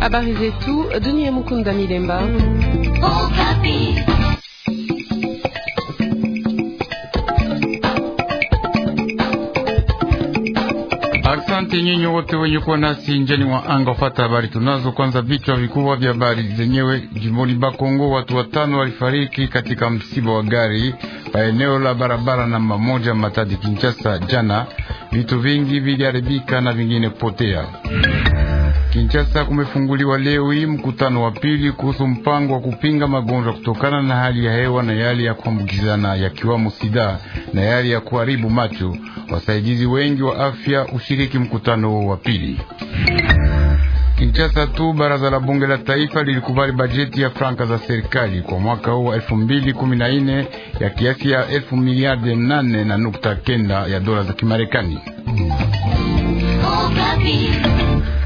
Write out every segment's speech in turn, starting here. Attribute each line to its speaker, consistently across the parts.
Speaker 1: Habari zetu dunia Mukunda Milemba. Okapi.
Speaker 2: Asante nyinyi wote wenye kuwa nasi njeni wa anga fata habari tunazo. Kwanza vichwa vikubwa vya habari zenyewe. Jimboni Bakongo, watu watano walifariki katika msiba wa gari pa eneo la barabara namba moja Matadi Kinshasa jana vitu vingi viliharibika na vingine kupotea. Kinshasa kumefunguliwa leo hii mkutano wa pili kuhusu mpango wa kupinga magonjwa kutokana na hali ya hewa na yale ya kuambukizana yakiwamo sida na yale ya kuharibu macho. Wasaidizi wengi wa afya ushiriki mkutano wa pili. Kinshasa tu baraza la bunge la taifa lilikubali bajeti ya franka za serikali kwa mwaka huu wa 2014 ya kiasi ya elfu miliardi nane na nukta kenda ya dola za Kimarekani.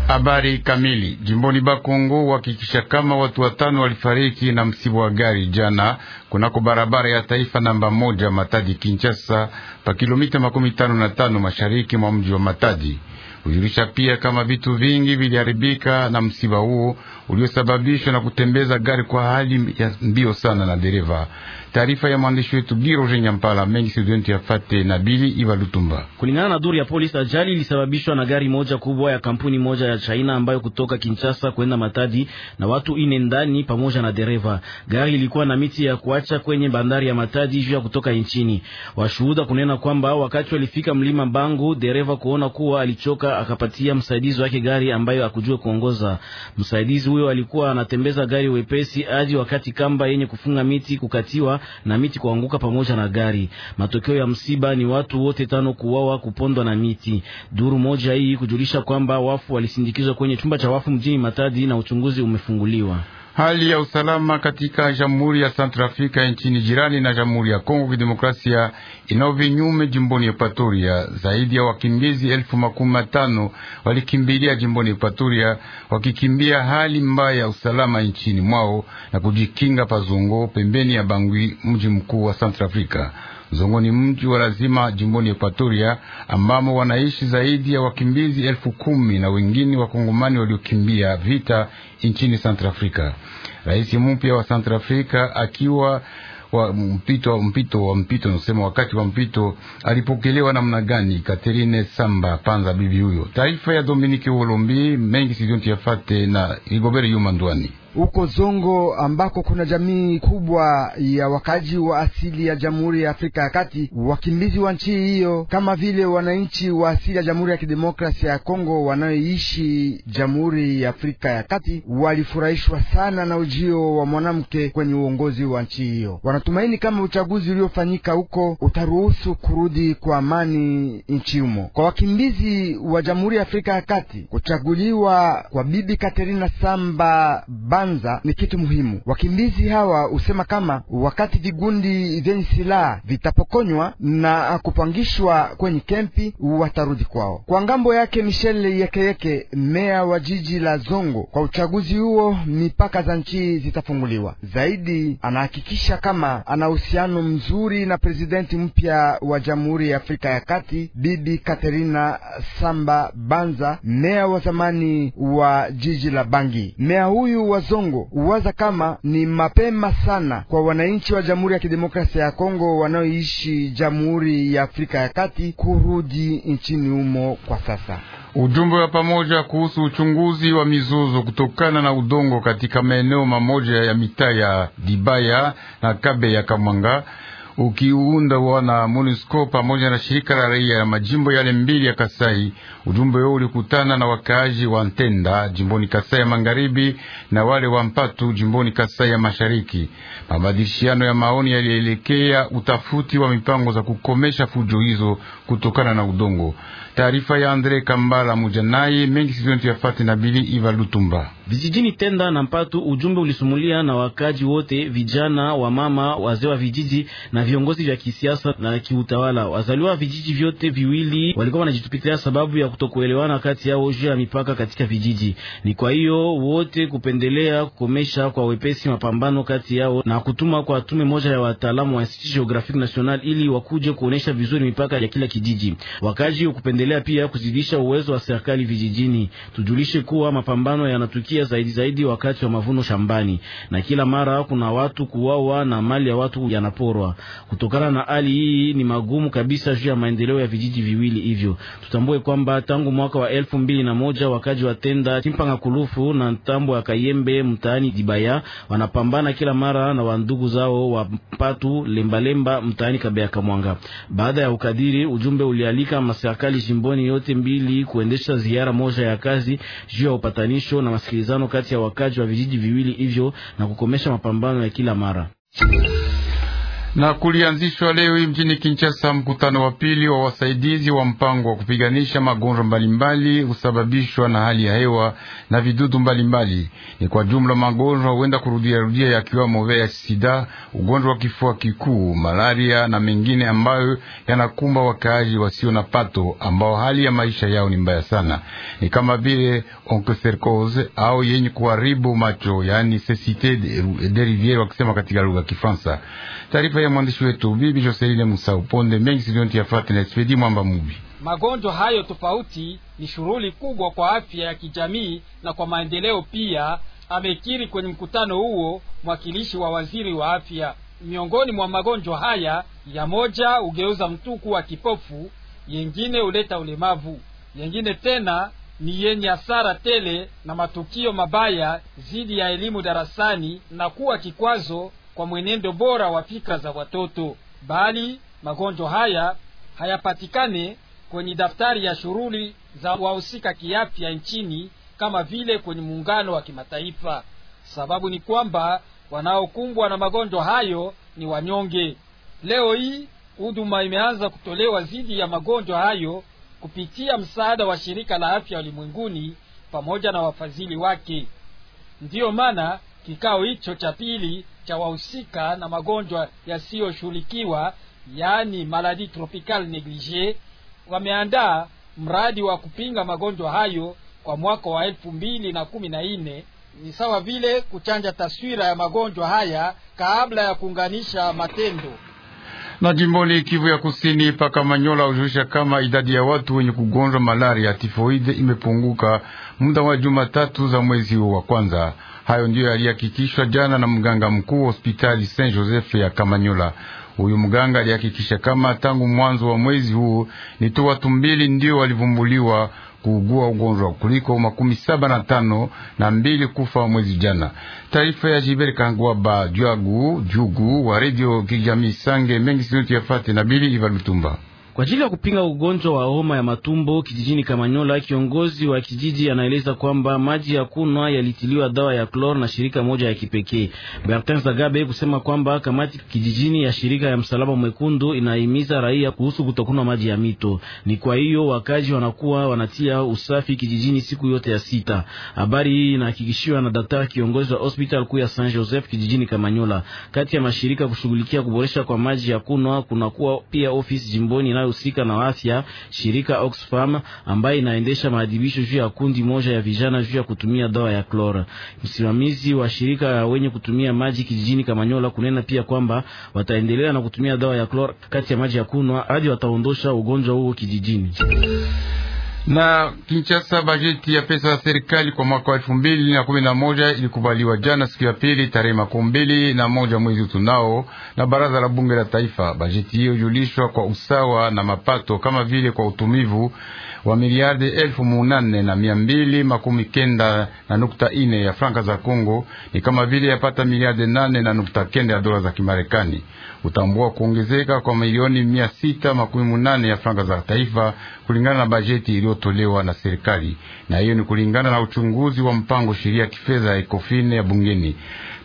Speaker 2: Habari kamili. Jimboni Bakongo wakikisha kama watu watano walifariki na msiba wa gari jana kunako barabara ya taifa namba moja Matadi Kinshasa, pa kilomita makumi tano na tano mashariki mwa mji wa Matadi. Kujulisha pia kama vitu vingi viliharibika na msiba huo uliosababishwa na kutembeza gari kwa hali ya mbio sana na dereva. Taarifa ya mwandishi wetu Giro Jenyampala mengi studenti ya Fate na Bili Iva Lutumba.
Speaker 3: Kulingana na duru ya polisi, ajali ilisababishwa na gari moja kubwa ya kampuni moja ya China ambayo kutoka Kinshasa kwenda Matadi na watu ine ndani pamoja na dereva. Gari ilikuwa na miti ya kuacha kwenye bandari ya Matadi juu ya kutoka nchini. Washuhuda kunena kwamba wakati walifika mlima Bangu, dereva kuona kuwa alichoka akapatia msaidizi wake gari ambayo akujua kuongoza. Msaidizi huyo alikuwa anatembeza gari wepesi hadi wakati kamba yenye kufunga miti kukatiwa na miti kuanguka pamoja na gari. Matokeo ya msiba ni watu wote tano kuwawa, kupondwa na miti. Duru moja hii
Speaker 2: kujulisha kwamba wafu walisindikizwa kwenye chumba cha wafu mjini Matadi na uchunguzi umefunguliwa. Hali ya usalama katika Jamhuri ya Centrafrika nchini jirani na Jamhuri ya Kongo Kidemokrasia ina vinyume jimboni ekwatoria Zaidi ya wakimbizi elfu makumi matano walikimbilia jimboni ekwatoria wakikimbia hali mbaya ya usalama nchini mwao na kujikinga Pazungo, pembeni ya Bangui, mji mkuu wa Centrafrika. Zongoni mji wa lazima jimboni Ekwatoria ambamo wanaishi zaidi ya wakimbizi elfu kumi na wengine wakongomani waliokimbia vita nchini Santrafrika. Rais mpya wa Santrafrika akiwa wa mpito, mpito wa mpito nasema wakati wa mpito alipokelewa namna gani? Katerine Samba Panza bibi huyo. Taarifa ya Dominike Wolombi mengi sidionti yafate na Igobere Yuma Ndwani
Speaker 4: huko Zongo ambako kuna jamii kubwa ya wakaji wa asili ya Jamhuri ya Afrika ya Kati, wakimbizi wa nchi hiyo, kama vile wananchi wa asili ya Jamhuri ya Kidemokrasia ya Kongo wanaoishi Jamhuri ya Afrika ya Kati, walifurahishwa sana na ujio wa mwanamke kwenye uongozi wa nchi hiyo. Wanatumaini kama uchaguzi uliofanyika huko utaruhusu kurudi kwa amani nchi humo. Kwa wakimbizi wa Jamhuri ya Afrika ya Kati, kuchaguliwa kwa Bibi Katerina Samba kwanza ni kitu muhimu. Wakimbizi hawa husema kama wakati vigundi vyenye silaha vitapokonywa na kupangishwa kwenye kempi watarudi kwao. Kwa ngambo yake, Michel Yekeyeke, meya wa jiji la Zongo, kwa uchaguzi huo mipaka za nchi zitafunguliwa zaidi. Anahakikisha kama ana uhusiano mzuri na prezidenti mpya wa Jamhuri ya Afrika ya Kati, Bibi Katerina Samba Banza, meya wa zamani wa jiji la Bangi. Meya huyu wa Zongo Songo uwaza kama ni mapema sana kwa wananchi wa Jamhuri ya Kidemokrasia ya Kongo wanaoishi Jamhuri ya Afrika ya Kati kurudi nchini humo kwa sasa.
Speaker 2: Ujumbe wa pamoja kuhusu uchunguzi wa mizozo kutokana na udongo katika maeneo mamoja ya mitaa ya Dibaya na Kabe ya Kamwanga ukiunda wana MONUSCO pamoja na shirika la raia ya majimbo yale mbili ya Kasai. Ujumbe huo ulikutana na wakaaji wa Ntenda jimboni Kasai ya magharibi na wale wa Mpatu jimboni Kasai ya mashariki. Mabadilishano ya maoni yalielekea utafuti wa mipango za kukomesha fujo hizo kutokana na udongo. Taarifa ya Andre Kambala Mujanai mengi sizontu yafati na Bili Iva Lutumba.
Speaker 3: Vijijini Tenda na Mpatu, ujumbe ulisumulia na wakaaji wote, vijana wa mama, wazee wa vijiji na viongozi vya kisiasa na kiutawala. Wazaliwa wa vijiji vyote viwili walikuwa wanajitupitia sababu ya kutokuelewana kati yao juu ya mipaka katika vijiji. Ni kwa hiyo wote kupendelea kukomesha kwa wepesi mapambano kati yao na kutuma kwa tume moja ya wataalamu wa Institut Geographique National ili wakuje kuonesha vizuri mipaka ya kila kijiji. Wakaji kupendelea pia kuzidisha uwezo wa serikali vijijini. Tujulishe kuwa mapambano yanatukia zaidi zaidi wakati wa mavuno shambani, na kila mara kuna watu kuwawa na mali ya watu yanaporwa. Kutokana na hali hii, ni magumu kabisa juu ya maendeleo ya vijiji viwili hivyo. Tutambue kwamba tangu mwaka wa elfu mbili na moja wakaji wa Tenda Chimpanga Kulufu na Ntambo ya Kayembe mtaani Dibaya wanapambana kila mara na wandugu zao wa Mpatu Lembalemba mtaani Kabea Kamwanga. Baada ya ukadiri, ujumbe ulialika maserikali jimboni yote mbili kuendesha ziara moja ya kazi juu ya upatanisho na masikilizano kati ya wakaji wa vijiji viwili hivyo
Speaker 2: na kukomesha mapambano ya kila mara na kulianzishwa leo hii mjini Kinshasa mkutano wa pili wa wasaidizi wa mpango wa kupiganisha magonjwa mbalimbali husababishwa na hali ya hewa na vidudu mbalimbali. Ni kwa jumla magonjwa huenda kurudiarudia yakiwamo vya sida, ugonjwa wa kifua kikuu, malaria na mengine ambayo yanakumba wakaaji wasio na pato ambao hali ya maisha yao ni mbaya sana, ni kama vile oncocercose au yenye kuharibu macho, yaani cecite de riviere wakisema katika lugha ya Kifaransa. Taarifa ya mwandishi wetu Bibi Joseline Musa Uponde mengi sidonti ya Fatine Spedi Mwamba Mubi.
Speaker 1: Magonjwa hayo tofauti ni shughuli kubwa kwa afya ya kijamii na kwa maendeleo pia, amekiri kwenye mkutano huo mwakilishi wa waziri wa afya. Miongoni mwa magonjwa haya, ya moja ugeuza mtu kuwa kipofu, yengine huleta ulemavu, yengine tena ni yenye hasara tele na matukio mabaya zidi ya elimu darasani na kuwa kikwazo kwa mwenendo bora wa fikra za watoto, bali magonjwa haya hayapatikane kwenye daftari ya shughuli za wahusika kiafya nchini kama vile kwenye muungano wa kimataifa. Sababu ni kwamba wanaokumbwa na magonjwa hayo ni wanyonge. Leo hii huduma imeanza kutolewa zidi ya magonjwa hayo kupitia msaada wa shirika la afya ulimwenguni pamoja na wafadhili wake. Ndiyo maana kikao hicho cha pili cha wahusika na magonjwa yasiyoshughulikiwa yaani maladi tropical neglige wameandaa mradi wa kupinga magonjwa hayo kwa mwaka wa elfu mbili na kumi na nne ni sawa vile kuchanja taswira ya magonjwa haya kabla ya kuunganisha matendo
Speaker 2: na jimboni Kivu ya Kusini paka Manyola hujulisha kama idadi ya watu wenye kugonjwa malaria tifoide imepunguka muda wa juma tatu za mwezi wa kwanza. Hayo ndiyo yalihakikishwa jana na mganga mkuu wa hospitali Saint Joseph ya Kamanyola. Huyu mganga alihakikisha kama tangu mwanzo wa mwezi huu ni tu watu mbili ndio walivumbuliwa kuugua ugonjwa kuliko makumi saba na tano na mbili kufa mwezi jana. Taarifa ya Jiberi ba Jugu Jugu wa redio kijamii Sange mengi sinuti yafate na Bili Ivalutumba.
Speaker 3: Kwa ajili ya kupinga ugonjwa wa homa ya matumbo kijijini Kamanyola, kiongozi wa kijiji anaeleza kwamba maji ya kunwa yalitiliwa dawa ya klor na shirika moja ya kipekee. Bertin Zagabe kusema kwamba kamati kijijini ya shirika ya Msalaba Mwekundu inahimiza raia kuhusu kutokunwa maji ya mito. Ni kwa hiyo wakaji wanakuwa wanatia usafi kijijini siku yote ya sita. Habari hii inahakikishiwa na daktari kiongozi wa hospital kuu ya San Joseph kijijini Kamanyola. Kati ya mashirika kushughulikia kuboresha kwa maji ya kunwa kunakuwa pia ofisi jimboni inayohusika na afya, shirika Oxfam ambayo inaendesha maadhibisho juu ya kundi moja ya vijana juu ya kutumia dawa ya klora. Msimamizi wa shirika ya wenye kutumia maji kijijini Kamanyola kunena pia kwamba wataendelea na kutumia dawa ya klora kati ya maji ya kunwa hadi wataondosha ugonjwa huo kijijini.
Speaker 2: Na Kinshasa, bajeti ya pesa ya serikali kwa mwaka wa elfu mbili na kumi na moja ilikubaliwa jana siku ya pili tarehe makumi mbili na moja mwezi utunao na baraza la bunge la taifa. Bajeti hiyo julishwa kwa usawa na mapato kama vile kwa utumivu wa miliardi elfu munane na mia mbili makumi kenda na nukta ine ya franka za Kongo, ni kama vile yapata miliardi nane na nukta kenda ya dola za Kimarekani kutambua kuongezeka kwa milioni mia sita makumi munane ya franga za taifa kulingana na bajeti iliyotolewa na serikali, na hiyo ni kulingana na uchunguzi wa mpango sheria ya kifedha ya ekofine ya bungeni.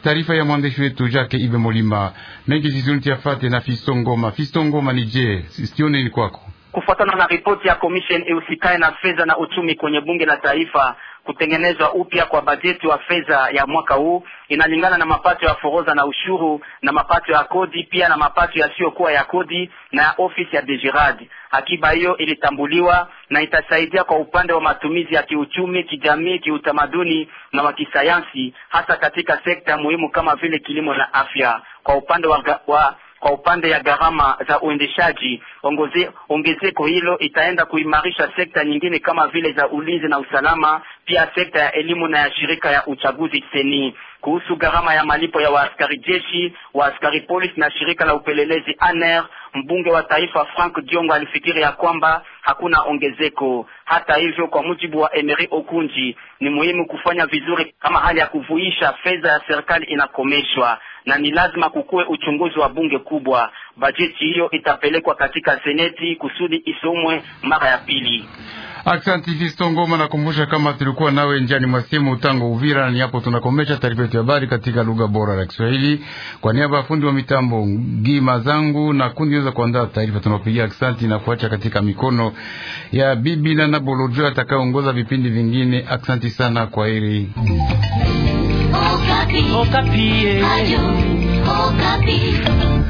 Speaker 2: Taarifa ya mwandishi wetu Jake Ibe Molima mengi zizunitiafate na Fisto Ngoma. Fisto Ngoma, ni je, sistioni ni kwako?
Speaker 5: Kufuatana na ripoti ya commission ihusikaye na fedha na uchumi kwenye bunge la taifa kutengenezwa upya kwa bajeti wa fedha ya mwaka huu inalingana na mapato ya foroza na ushuru na mapato ya kodi pia na mapato yasiyokuwa ya kodi na ya ofisi ya dgrad Akiba hiyo ilitambuliwa na itasaidia kwa upande wa matumizi ya kiuchumi, kijamii, kiutamaduni na wa kisayansi, hasa katika sekta muhimu kama vile kilimo na afya. Kwa upande wa, wa kwa upande ya gharama za uendeshaji, ongezeko hilo itaenda kuimarisha sekta nyingine kama vile za ulinzi na usalama, pia sekta ya elimu na ya shirika ya uchaguzi seni kuhusu gharama ya malipo ya waaskari jeshi, waaskari polisi na shirika la upelelezi ANER. Mbunge wa taifa Frank Diongo alifikiri ya kwamba hakuna ongezeko. Hata hivyo, kwa mujibu wa Emery Okunji, ni muhimu kufanya vizuri kama hali ya kuvuisha fedha ya serikali inakomeshwa na ni lazima kukuwe uchunguzi wa bunge kubwa. Bajeti hiyo itapelekwa katika seneti kusudi isomwe mara ya pili.
Speaker 2: Aksanti Fisto Ngoma, nakumbusha kama tulikuwa nawe njiani mwa simu tangu Uvira, na hapo tunakomesha taarifa yetu ya habari katika lugha bora la Kiswahili. Kwa niaba ya fundi wa mitambo Gima zangu na kundi weza kuandaa taarifa, tunapigia aksanti na kuacha katika mikono ya bibi na Nabolojo atakayeongoza vipindi vingine. Aksanti sana, kwa heri.
Speaker 4: Okapi. Okapi. Eh.